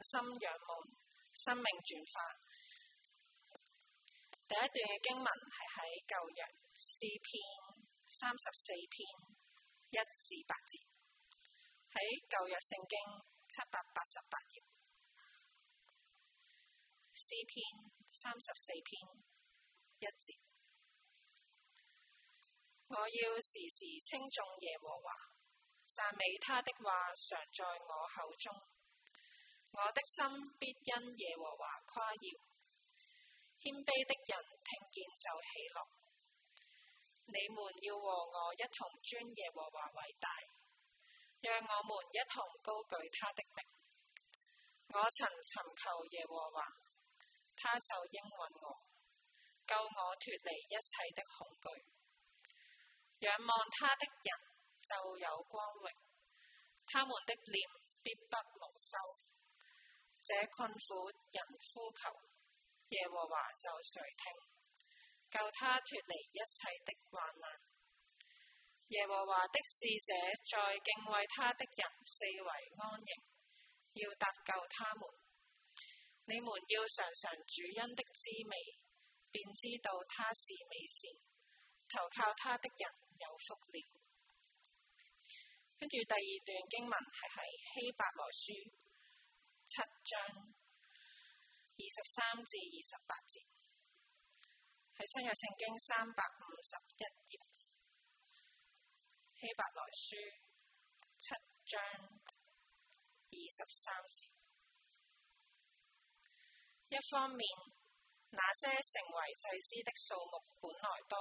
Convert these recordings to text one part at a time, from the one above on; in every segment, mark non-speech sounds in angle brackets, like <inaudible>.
心仰望，生命轉化。第一段嘅經文係喺舊約詩篇三十四篇一至八節，喺舊約聖經七百八十八頁詩篇三十四篇一節。我要時時稱頌耶和華，讚美祂的話常在我口中。我的心必因耶和華誇耀，謙卑的人聽見就喜樂。你們要和我一同尊耶和華為大，讓我們一同高舉他的名。我曾尋求耶和華，他就應允我，救我脫離一切的恐懼。仰望他的人就有光榮，他們的臉必不蒙羞。這困苦人呼求，耶和華就垂聽。救他脫離一切的患難。耶和華的使者在敬畏他的人四圍安營，要搭救他們。你們要嘗嘗主恩的滋味，便知道他是美善。投靠他的人有福了。跟住第二段經文係喺希伯來書。七章二十三至二十八節，喺新約聖經三百五十一頁希伯來書七章二十三節。一方面，那些成為祭司的數目本來多，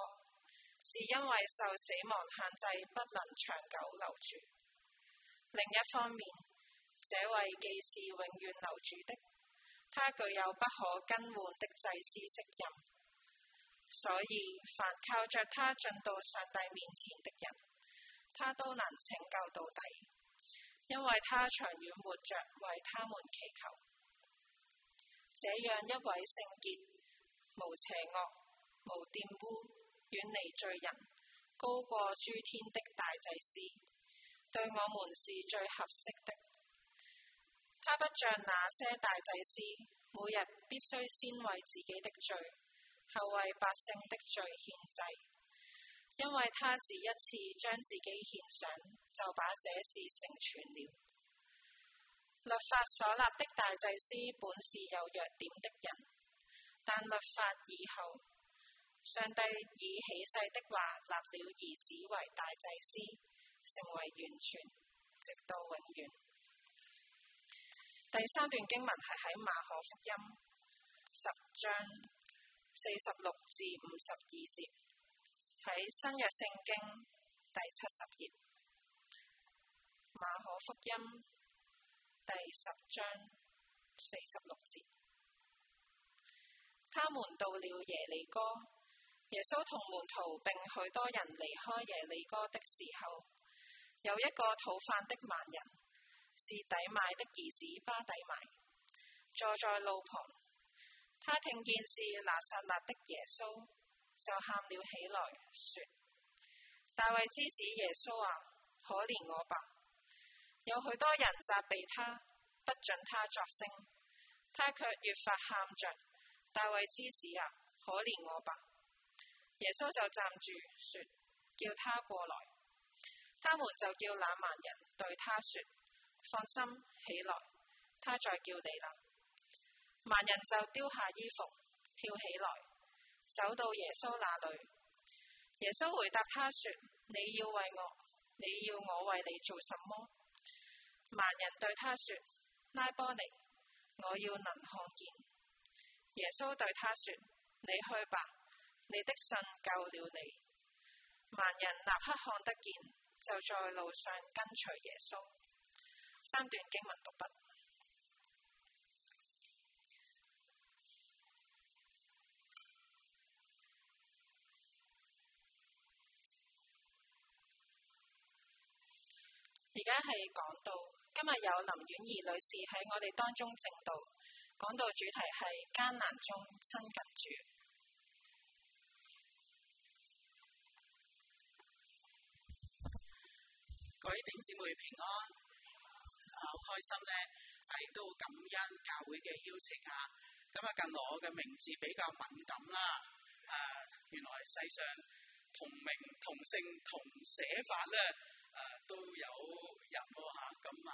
是因為受死亡限制，不能長久留住；另一方面，這位既是永遠留住的，他具有不可更換的祭司職任，所以凡靠着他進到上帝面前的人，他都能拯救到底，因為他長遠活着為他們祈求。這樣一位聖潔、無邪惡、無玷污、遠離罪人、高過諸天的大祭司，對我們是最合適的。他不像那些大祭司，每日必須先為自己的罪，後為百姓的罪獻祭，因為他只一次將自己獻上，就把這事成全了。律法所立的大祭司本是有弱點的人，但律法以後，上帝以起誓的話立了兒子為大祭司，成為完全，直到永遠。第三段經文係喺馬可福音十章四十六至五十二節，喺新約聖經第七十頁，馬可福音第十章四十六節。他們到了耶利哥，耶穌同門徒並許多人離開耶利哥的時候，有一個討飯的盲人。是底買的兒子巴底買坐在路旁，他聽見是拿撒勒的耶穌，就喊了起來，說：大衛之子耶穌啊，可憐我吧！有許多人責備他，不准他作聲，他却越發喊着：大衛之子啊，可憐我吧！耶穌就站住說：叫他過來。他們就叫那盲人對他說。放心起來，他再叫你啦。盲人就丟下衣服，跳起來，走到耶穌那裏。耶穌回答他說：“你要為我，你要我為你做什麼？”盲人對他說：“拉波尼，我要能看見。”耶穌對他說：“你去吧，你的信救了你。”盲人立刻看得見，就在路上跟隨耶穌。三段經文讀畢，而家係講道。今日有林婉儀女士喺我哋當中證道，講道主題係艱難中親近主」 <laughs> 各位弟兄姊妹平安。好、啊、開心咧！係都感恩教會嘅邀請啊！咁啊，近來我嘅名字比較敏感啦。誒、啊，原來世上同名同姓同寫法咧，誒、啊、都有人喎嚇。咁啊，啊，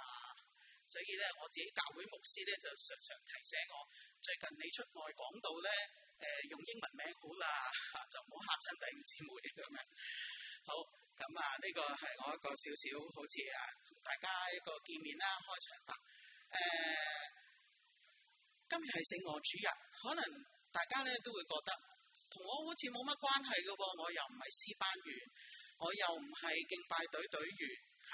所以咧，我自己教會牧師咧就常常提醒我，最近你出外講到咧，誒、啊、用英文名好啦、啊，就唔好嚇親弟兄姊妹咁樣、啊。好，咁啊，呢、這個係我一個少少好似啊～大家一個見面啦，開場白。誒、uh，今日係聖樂主日，可能大家咧都會覺得同我好似冇乜關係嘅喎，我又唔係詩班員，我又唔係敬拜隊隊員嚇，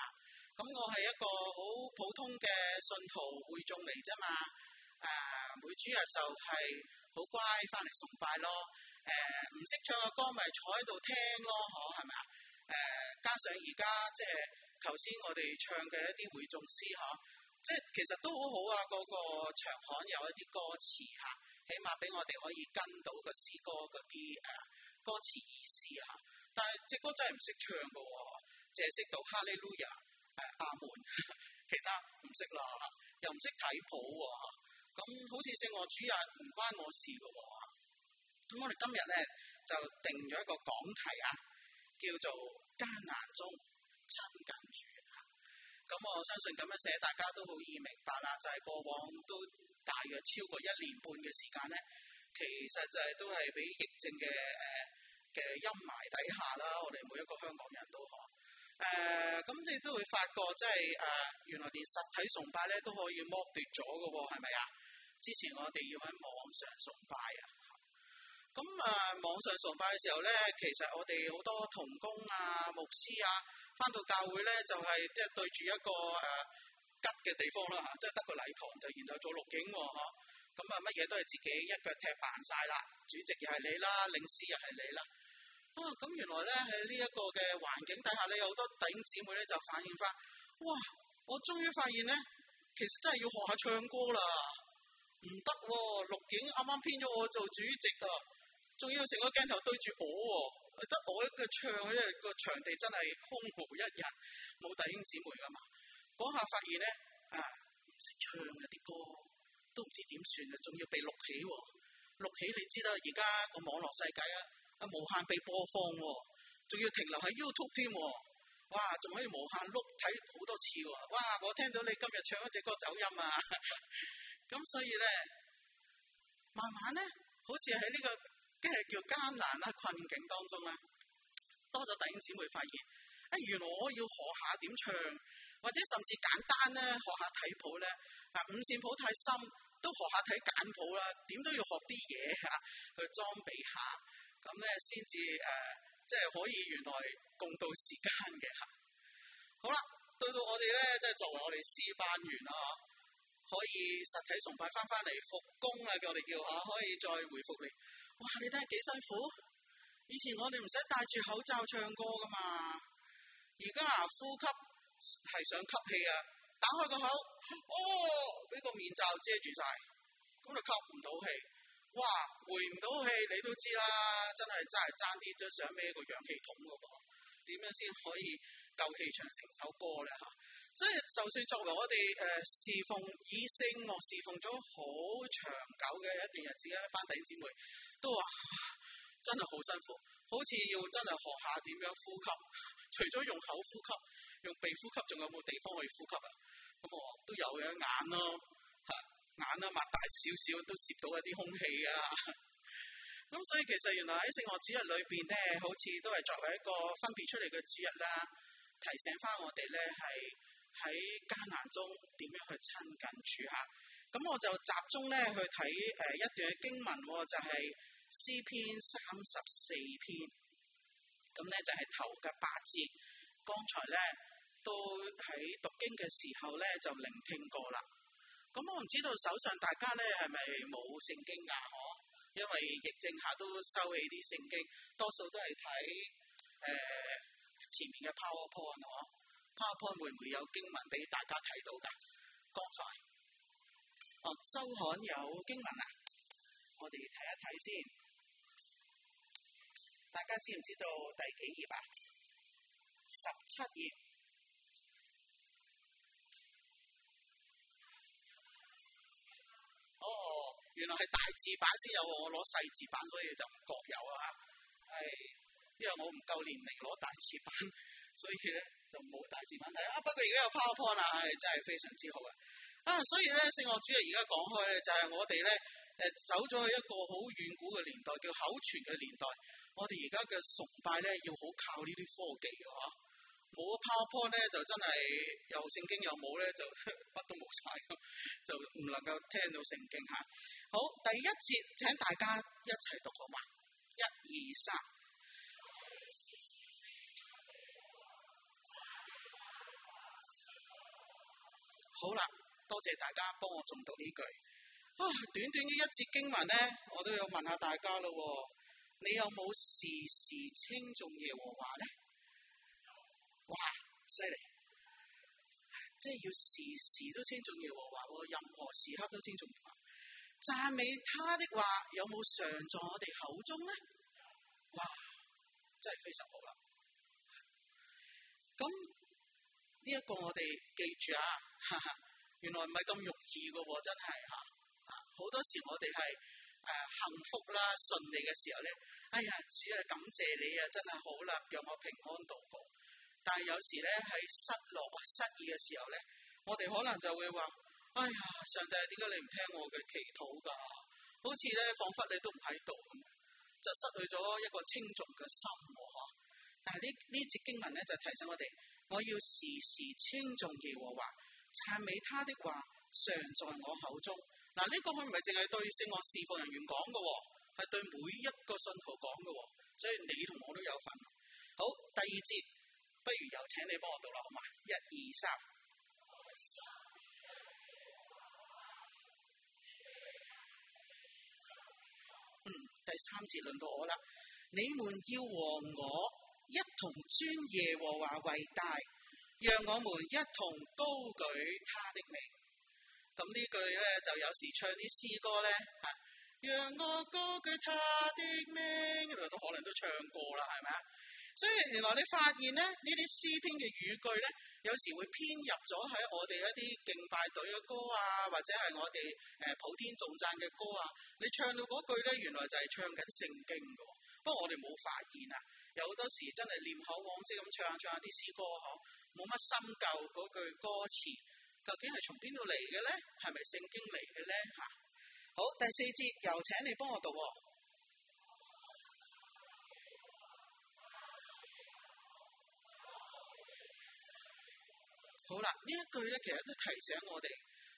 咁、啊嗯、我係一個好普通嘅信徒會眾嚟啫嘛。誒、啊，每主日就係好乖翻嚟崇拜咯。誒、啊，唔識唱嘅歌咪坐喺度聽咯，嗬，係咪啊？誒，加上而家即係。頭先我哋唱嘅一啲會眾詩嗬，即係其實都好好啊。嗰、那個場刊有一啲歌詞嚇，起碼俾我哋可以跟到個詩歌嗰啲誒歌詞意思啊。但係隻歌真係唔識唱噶喎，淨係識到哈利路亞誒阿門，其他唔識啦，又唔識睇譜喎。咁好似聖樂主日唔關我事噶喎。咁我哋今日咧就定咗一個講題啊，叫做艱難中。咁我相信咁樣寫，大家都好易明白啦。就係、是、過往都大約超過一年半嘅時間咧，其實就係都係俾疫症嘅誒嘅陰霾底下啦。我哋每一個香港人都可誒，咁、呃、你都會發覺，即係誒、呃、原來連實體崇拜咧都可以剝奪咗㗎喎，係咪啊？之前我哋要喺網上崇拜啊，咁啊網上崇拜嘅時候咧，其實我哋好多同工啊、牧師啊。翻到教會咧，就係即係對住一個誒、啊、吉嘅地方啦嚇、啊，即係得個禮堂就，然後做錄影喎，咁啊乜嘢、啊啊、都係自己一腳踢辦晒啦，主席又係你啦，領事又係你啦，啊咁、啊啊、原來咧喺呢一個嘅環境底下咧，你有好多弟兄姊妹咧就反映翻，哇！我終於發現咧，其實真係要學下唱歌啦，唔得喎，錄影啱啱編咗我做主席㗎，仲要成個鏡頭對住我喎。啊得我一個唱，因為個場地真係空無一人，冇弟兄姊妹㗎嘛。嗰下發現咧，啊唔識唱一啲歌，都唔知點算啊！仲要被錄起喎，錄起你知啦，而家個網絡世界啊，無限被播放喎，仲要停留喺 YouTube 添喎，哇！仲可以無限碌睇好多次喎，哇！我聽到你今日唱一隻歌走音啊，咁 <laughs> 所以咧，慢慢咧，好似喺呢個。即係叫艱難啦、困境當中啦，多咗弟兄姊妹發現，啊、哎、原來我要學下點唱，或者甚至簡單咧學下睇譜咧，嗱五線譜太深，都學下睇簡譜啦，點都要學啲嘢嚇，去裝備下，咁咧先至誒，即係可以原來共度時間嘅嚇。好啦，到到我哋咧，即係作為我哋詩班員啦、啊、嚇，可以實體崇拜翻翻嚟復工啦、啊，叫我哋叫嚇、啊，可以再回復你。哇！你睇下幾辛苦？以前我哋唔使戴住口罩唱歌噶嘛，而家啊呼吸係想吸氣啊，打開個口，哦，畀個面罩遮住晒，咁就吸唔到氣。哇！回唔到氣，你都知啦，真係真係爭啲都想孭個氧氣筒喎。點樣先可以夠氣唱成首歌咧？嚇！所以就算作為我哋誒、呃、侍奉以聖樂侍奉咗好長久嘅一段日子咧，班弟兄姊妹都話真係好辛苦，好似要真係學下點樣呼吸，除咗用口呼吸、用鼻呼吸，仲有冇地方去呼吸、哦、啊？不過都有嘅眼咯，吓眼啦，擘大少少都攝到一啲空氣啊。咁 <laughs> 所以其實原來喺聖樂主日裏邊咧，好似都係作為一個分別出嚟嘅主日啦，提醒翻我哋咧係。喺艱難中點樣去親近主下？咁我就集中咧去睇誒、呃、一段嘅經文，哦，就係、是、詩篇三十四篇，咁咧就係、是、頭嘅八節。剛才咧都喺讀經嘅時候咧就聆聽過啦。咁我唔知道手上大家咧係咪冇聖經噶、啊？嗬，因為疫症下都收起啲聖經，多數都係睇誒前面嘅 PowerPoint 嗬。下本會唔會有經文俾大家睇到㗎？剛才哦，周刊有經文啊！我哋睇一睇先，大家知唔知道第幾頁啊？十七頁。哦，原來係大字版先有，我攞細字版，所以就唔冇有啊、哎！因為我唔夠年齡攞大字版，所以就冇大字板睇啊！不過而家有 PowerPoint 啊，係真係非常之好啊！啊，所以咧，聖樂主啊，而家講開咧，就係、是、我哋咧，誒、呃、走咗去一個好遠古嘅年代，叫口傳嘅年代。我哋而家嘅崇拜咧，要好靠呢啲科技嘅話、啊，冇 PowerPoint 咧，就真係又聖經又冇咧，就乜 <laughs> 都冇晒。就唔能夠聽到聖經嚇。好，第一節請大家一齊讀好嘛，一二三。好啦，多謝大家幫我重讀呢句。啊，短短嘅一節經文咧，我都要問下大家咯。你有冇時時稱頌耶和華咧？哇，犀利！即係要時時都稱頌耶和華喎，任何時刻都稱頌。讚美他的話有冇常在我哋口中咧？哇，真係非常好啦。咁、啊。呢一個我哋記住啊，哈哈原來唔係咁容易噶喎，真係吓。好、啊、多時我哋係誒幸福啦，順利嘅時候咧，哎呀主啊感謝你啊真係好啦，讓我平安度過。但係有時咧，喺失落失意嘅時候咧，我哋可能就會話：哎呀上帝點解你唔聽我嘅祈禱噶？好似咧仿佛你都唔喺度咁，就失去咗一個親近嘅心。但係呢呢節經文咧就提醒我哋。我要時時稱頌耶和華，讚美他的話常在我口中。嗱、啊、呢、這個佢唔係淨係對聖樂侍奉人員講噶，係對每一個信徒講噶。所以你同我都有份。好，第二節不如有請你幫我讀啦，好嘛？一、二、三。嗯，第三節輪到我啦。你們要和我。我一同尊耶和華為大，讓我們一同高舉他的名。咁呢句咧就有時唱啲詩歌咧、啊，讓我高舉他的名，原來都可能都唱過啦，係咪啊？所以原來你發現咧，呢啲詩篇嘅語句咧，有時會編入咗喺我哋一啲敬拜隊嘅歌啊，或者係我哋誒普天頌讚嘅歌啊，你唱到嗰句咧，原來就係唱緊聖經嘅，不過我哋冇發現啊。有好多時真係念口往之咁唱唱下啲詩歌嗬，冇乜深究嗰句歌詞究竟係從邊度嚟嘅咧，係咪聖經嚟嘅咧？吓、啊，好，第四節又請你幫我讀喎、哦。好啦，呢一句咧其實都提醒我哋，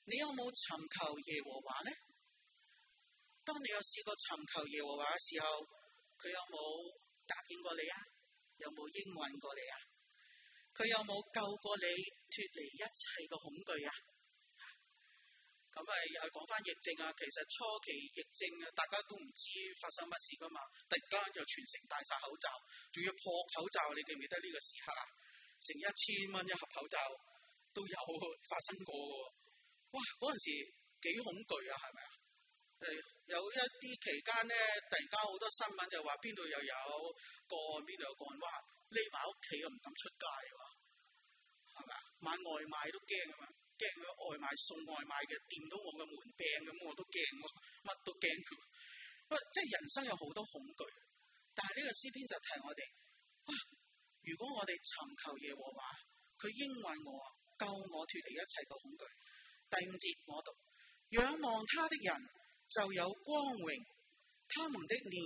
你有冇尋求耶和華咧？當你有試過尋求耶和華嘅時候，佢有冇？答應過你啊？有冇應允過你啊？佢有冇救過你脫離一切嘅恐懼啊？咁、啊、咪又係講翻疫症啊？其實初期疫症啊，大家都唔知發生乜事噶嘛，突然間又全城戴晒口罩，仲要破口罩，你記唔記得呢個時刻啊，成一千蚊一盒口罩都有發生過？哇！嗰陣時幾恐懼啊，係咪？有一啲期間咧，突然間好多新聞就話，邊度又有個案，邊度有個人哇！匿埋屋企，又唔敢出街，係嘛？買外賣都驚啊，驚佢外賣送外賣嘅掂到我嘅門柄咁，我都驚，乜都驚佢。不過即係人生有好多恐懼，但係呢個詩篇就提我哋啊，如果我哋尋求耶和華，佢應允我啊，救我脫離一切嘅恐懼。第五節我讀，仰望他的人。就有光榮，他們的臉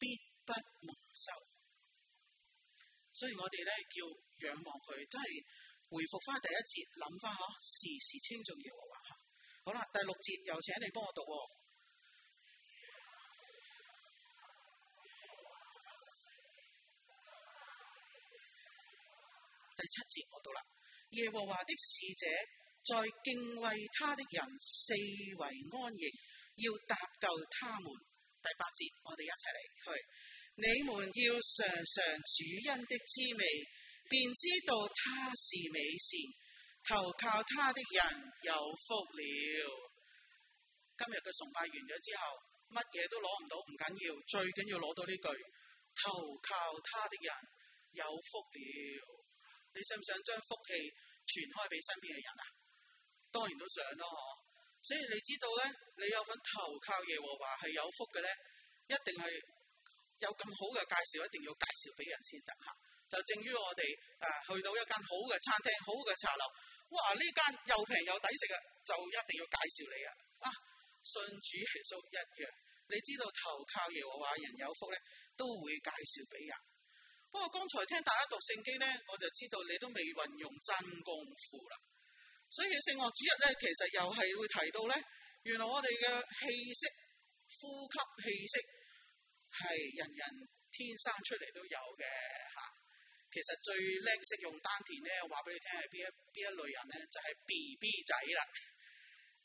必不蒙受。所以我哋咧要仰望佢，真係回復翻第一節，諗翻吓，時時稱頌耶和華。好啦，第六節又請你幫我讀哦。第七節我讀啦，耶和華的使者在敬畏他的人四圍安營。要搭救他們，第八節，我哋一齊嚟去。你們要嘗嘗主恩的滋味，便知道他是美善。投靠他的人有福了。今日嘅崇拜完咗之後，乜嘢都攞唔到唔緊要，最緊要攞到呢句：投靠他的人有福了。你想唔想將福氣傳開俾身邊嘅人啊？當然都想咯，所以你知道咧，你有份投靠耶和華係有福嘅咧，一定係有咁好嘅介紹，一定要介紹俾人先得吓。就正如我哋誒、啊、去到一間好嘅餐廳、好嘅茶樓，哇呢間又平又抵食啊，就一定要介紹你啊！啊，信主耶穌一樣，你知道投靠耶和華人有福咧，都會介紹俾人。不過剛才聽大家讀聖經咧，我就知道你都未運用真功夫啦。所以聖樂主日咧，其實又係會提到咧，原來我哋嘅氣息、呼吸氣息係人人天生出嚟都有嘅嚇、啊。其實最叻識用丹田咧，我話俾你聽係邊一邊一類人咧，就係、是、BB 仔啦。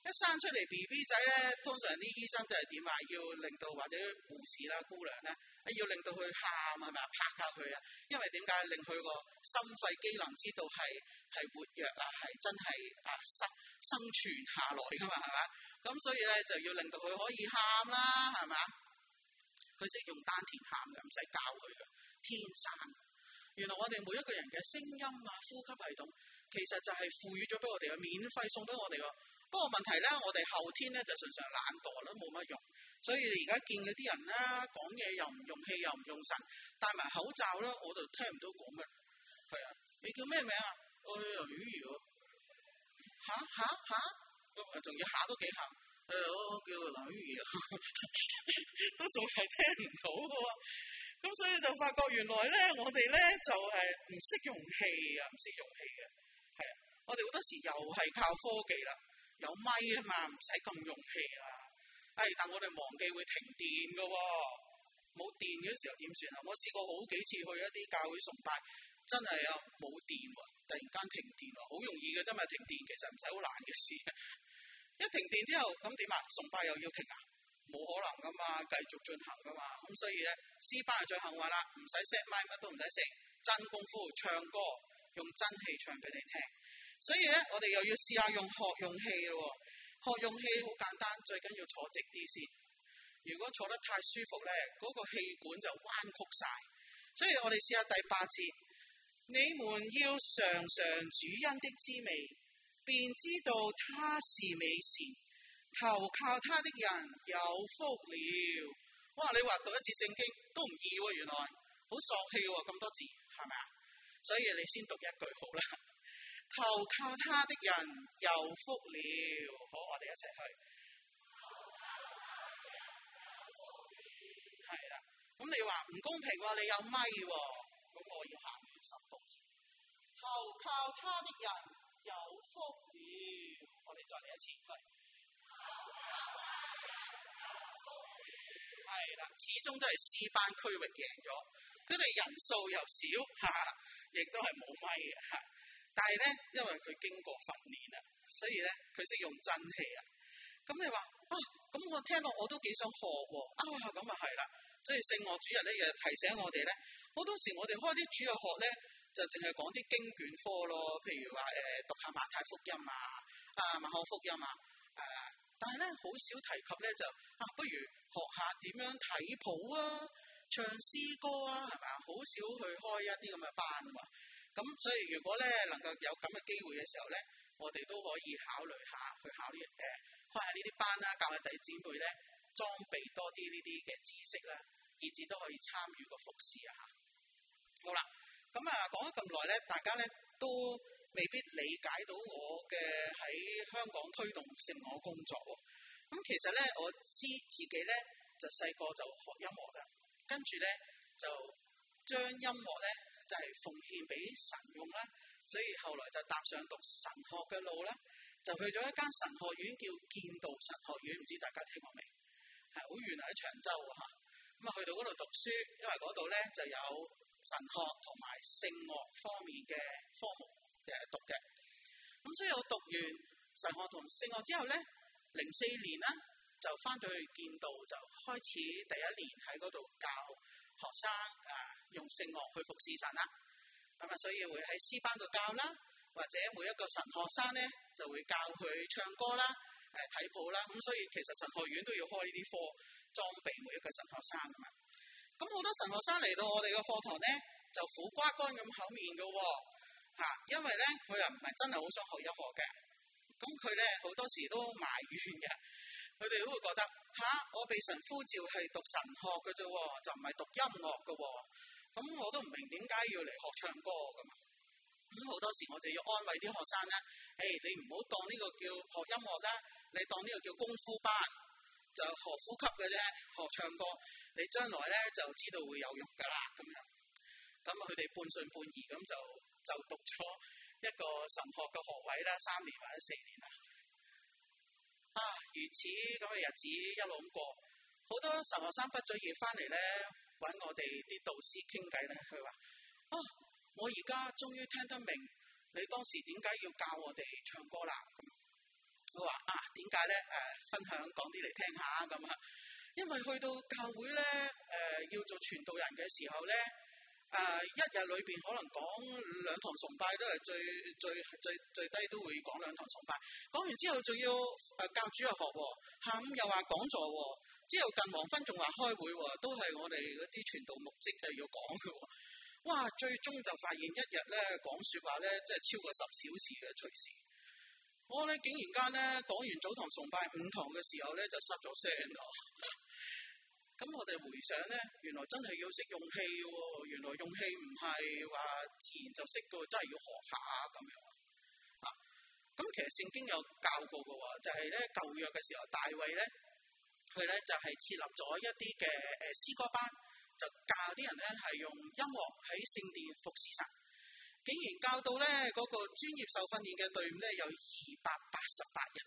一生出嚟 B B 仔咧，通常啲醫生都係點話？要令到或者護士啦、姑娘咧，要令到佢喊啊，係咪啊拍下佢啊？因為點解令佢個心肺機能知道係係活躍啊，係真係啊生生存下來噶嘛，係嘛？咁所以咧就要令到佢可以喊啦，係咪啊？佢識用丹田喊嘅，唔使教佢嘅，天生。原來我哋每一個人嘅聲音啊、呼吸系統，其實就係賦予咗俾我哋嘅，免費送俾我哋嘅。不過問題咧，我哋後天咧就純粹懶惰都冇乜用，所以你而家見嗰啲人咧，講嘢又唔用氣又唔用神，戴埋口罩咧，我就聽唔到講乜，係啊，你叫咩名、哎哎、啊？我叫李如，嚇嚇咁啊仲、啊啊、要下都幾下，哎「誒我叫李如， <laughs> 都仲係聽唔到嘅、啊、咁所以就發覺原來咧我哋咧就誒唔識用氣啊，唔識用氣嘅，係啊，我哋好多時又係靠科技啦。有咪啊嘛，唔使咁用氣啦、啊。誒、哎，但我哋忘記會停電噶喎、啊，冇電嘅時候點算啊？我試過好幾次去一啲教會崇拜，真係啊冇電喎、啊，突然間停電喎，好容易嘅真嘛，停電其實唔使好難嘅事、啊。一停電之後，咁點啊？崇拜又要停啊，冇可能噶嘛，繼續進行噶嘛。咁所以咧，詩班係最幸運啦，唔使 set 麥，乜都唔使 set，真功夫唱歌，用真氣唱俾你聽。所以咧，我哋又要試下用學用氣咯、哦。學用氣好簡單，最緊要坐直啲先。如果坐得太舒服咧，嗰、那個氣管就彎曲晒。所以我哋試下第八節：你們要嘗嘗主恩的滋味，便知道他是美善。投靠他的人有福了。哇！你話讀一節聖經都唔易喎、啊，原來好索氣喎，咁、啊、多字係咪啊？所以你先讀一句好啦。投靠他的人有福了，好，我哋一齊去。係啦，咁 <music> 你話唔公平喎、哦？你有咪喎、哦，咁我要行滿十步先。投靠他的人有福了， <music> 我哋再嚟一次去。係啦，始終都係詩班區域贏咗，佢哋人數又少，亦都係冇咪嘅。 <laughs> 但係咧，因為佢經過訓練啦，所以咧佢識用真氣啊。咁、嗯、你話啊，咁我聽落我都幾想學喎。啊，咁啊係啦、啊。所以聖樂主任咧又提醒我哋咧，好多時我哋開啲主日學咧，就淨係講啲經卷科咯，譬如話誒讀下馬太福音啊，啊馬可福音啊，誒，但係咧好少提及咧就啊，不如學下點樣睇譜啊，唱詩歌啊，係嘛？好少去開一啲咁嘅班。咁所以如果咧能夠有咁嘅機會嘅時候咧，我哋都可以考慮下去考呢誒、呃、開下呢啲班啦，教下弟姊妹咧裝備多啲呢啲嘅知識啦，以至都可以參與個服侍啊嚇。好啦，咁啊講咗咁耐咧，大家咧都未必理解到我嘅喺香港推動聖樂工作喎、啊。咁其實咧，我知自己咧就細個就學音樂啦，跟住咧就將音樂咧。就係奉獻俾神用啦，所以後來就踏上讀神學嘅路啦，就去咗一間神學院叫建道神學院，唔知大家聽過未？係好遠啊，喺長洲啊，咁啊去到嗰度讀書，因為嗰度咧就有神學同埋聖樂方面嘅科目嘅、就是、讀嘅。咁所以我讀完神學同聖樂之後咧，零四年啦就返到去建道，就開始第一年喺嗰度教學生啊，用聖樂去服侍神啦，咁啊，所以會喺詩班度教啦，或者每一個神學生咧就會教佢唱歌啦、誒、啊、睇譜啦，咁、嗯、所以其實神學院都要開呢啲課裝備每一個神學生噶、啊、嘛。咁好多神學生嚟到我哋嘅課堂咧，就苦瓜乾咁口面噶喎，嚇，因為咧佢又唔係真係好想學音樂嘅，咁佢咧好多時都埋怨嘅。佢哋都會覺得吓，我被神呼召係讀神學嘅啫喎，就唔係讀音樂嘅喎。咁我都唔明點解要嚟學唱歌嘅。咁好多時我就要安慰啲學生咧，誒，你唔好當呢個叫學音樂啦，你當呢個叫功夫班，就學呼吸嘅啫，學唱歌。你將來咧就知道會有用㗎啦。咁樣，咁佢哋半信半疑咁就就讀咗一個神學嘅學位啦，三年或者四年。啊，如此咁嘅日子一路咁過，好多神學生畢咗業翻嚟咧，揾我哋啲導師傾偈咧，佢話：啊，我而家終於聽得明你當時點解要教我哋唱歌啦？佢話：啊，點解咧？誒、啊，分享講啲嚟聽下咁啊，因為去到教會咧，誒、呃，要做傳道人嘅時候咧。誒、uh, 一日裏邊可能講兩堂崇拜都係最最最最低都會講兩堂崇拜，講完之後仲要誒、呃、教主學喎、哦，下、嗯、午又話講座喎、哦，之後近黃昏仲話開會喎、哦，都係我哋嗰啲傳道牧職係要講嘅喎。哇！最終就發現一日咧講説話咧，即係超過十小時嘅隨時。我咧竟然間咧講完早堂崇拜五堂嘅時候咧就失咗聲囉。咁我哋回想咧，原來真係要識用氣嘅、哦。原來用氣唔係話自然就識嘅，真係要學下咁樣啊。咁其實聖經有教過嘅，就係、是、咧舊約嘅時候，大衛咧佢咧就係、是、設立咗一啲嘅誒詩歌班，就教啲人咧係用音樂喺聖殿服侍神。竟然教到咧嗰、那個專業受訓練嘅隊伍咧有二百八十八人。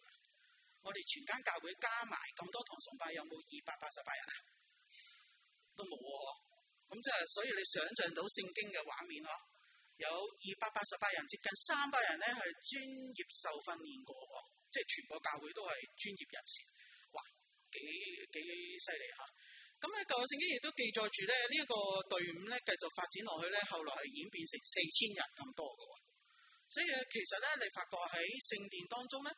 我哋全間教會加埋咁多堂崇拜，有冇二百八十八人啊？都冇喎，咁即係，所以你想象到聖經嘅畫面咯，有二百八十八人，接近三百人咧，係專業受訓練過，即係全部教會都係專業人士，哇，幾幾犀利吓！咁喺舊嘅聖經亦都記載住咧，呢一個隊伍咧繼續發展落去咧，後來係演變成四千人咁多嘅，所以其實咧，你發覺喺聖殿當中咧，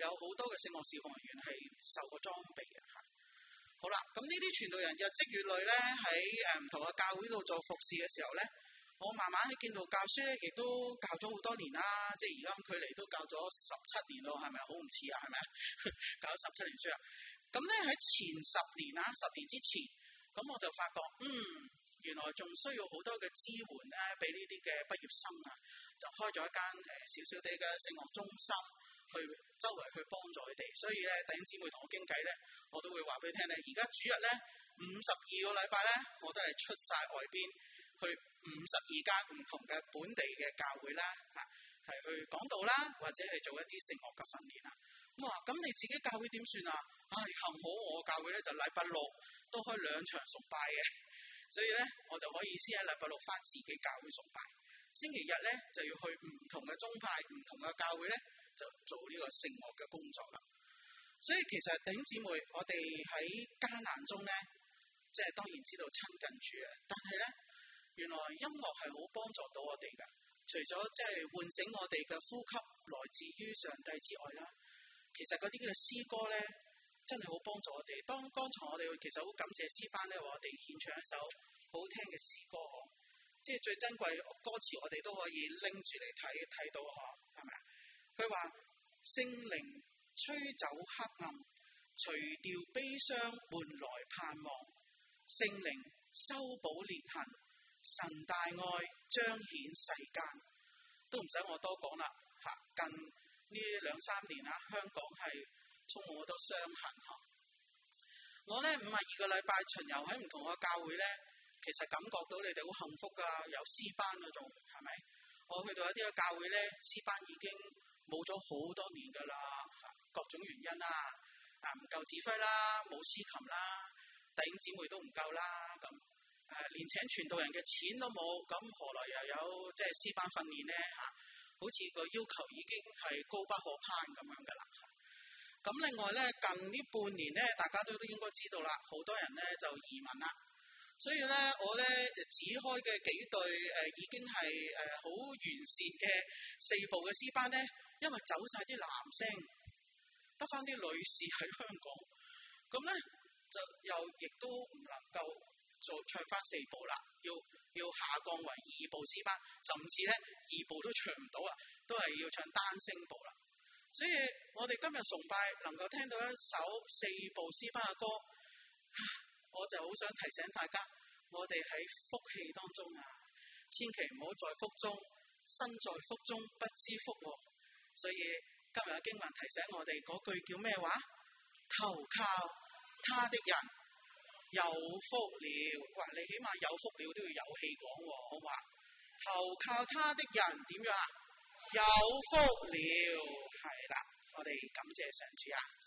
有好多嘅聖樂事奉人員係受過裝備嘅。好啦，咁呢啲傳道人日積月累咧，喺誒唔同嘅教會度做服侍嘅時候咧，我慢慢喺見到教書咧，亦都教咗好多年啦，即係而家咁距離都教咗十七年咯，係咪好唔似啊？係咪啊？是是 <laughs> 教咗十七年書啊！咁咧喺前十年啦，十年之前，咁我就發覺，嗯，原來仲需要好多嘅支援咧，俾呢啲嘅畢業生啊，就開咗一間誒、呃、小小哋嘅聖學中心。去周圍去幫助佢哋，所以咧弟兄姊妹同我傾偈咧，我都會話俾你聽咧。而家主日咧五十二個禮拜咧，我都係出晒外邊去五十二間唔同嘅本地嘅教會啦，係、啊、去講道啦，或者係做一啲聖學嘅訓練啦。咁啊，咁、啊、你自己教會點算啊？唉、哎，幸好我教會咧就禮拜六都開兩場崇拜嘅，所以咧我就可以先喺禮拜六返自己教會崇拜，星期日咧就要去唔同嘅宗派、唔同嘅教會咧。就做呢個聖樂嘅工作啦，所以其實頂姊妹，我哋喺艱難中咧，即係當然知道親近主呀，但係咧，原來音樂係好幫助到我哋噶。除咗即係喚醒我哋嘅呼吸來自於上帝之外啦，其實嗰啲嘅詩歌咧，真係好幫助我哋。當剛才我哋其實好感謝詩班咧，為我哋獻唱一首好聽嘅詩歌，即係最珍貴嘅歌詞，我哋都可以拎住嚟睇睇到吓。佢話聖靈吹走黑暗，除掉悲傷，換來盼望。聖靈修補裂痕，神大愛彰顯世間，都唔使我多講啦。嚇，近呢兩三年啦，香港係充滿好多傷痕。我咧，五十二個禮拜巡遊喺唔同嘅教會咧，其實感覺到你哋好幸福㗎，有詩班嗰度係咪？我去到一啲嘅教會咧，詩班已經。冇咗好多年噶啦，各種原因啦，啊唔夠指揮啦，冇司琴啦，弟兄姊妹都唔夠啦，咁、啊、誒連請傳道人嘅錢都冇，咁、啊、何來又有即係詩班訓練咧嚇？好似個要求已經係高不可攀咁樣嘅啦。咁、啊、另外咧，近呢半年咧，大家都都應該知道啦，好多人咧就移民啦。所以咧，我咧指開嘅幾對誒、呃、已經係誒好完善嘅四部嘅詩班咧，因為走晒啲男聲，得翻啲女士喺香港，咁咧就又亦都唔能夠再唱翻四部啦，要要下降為二部詩班，甚至咧二部都唱唔到啊，都係要唱單聲部啦。所以我哋今日崇拜能夠聽到一首四部詩班嘅歌。啊我就好想提醒大家，我哋喺福氣當中啊，千祈唔好在福中身在福中不知福喎，哦。所以今日嘅經文提醒我哋嗰句叫咩話？投靠他的人有福了。話你起碼有福了都要有氣講喎，哦，好嘛？投靠他的人點樣啊？有福了。係啦，我哋感謝上主啊。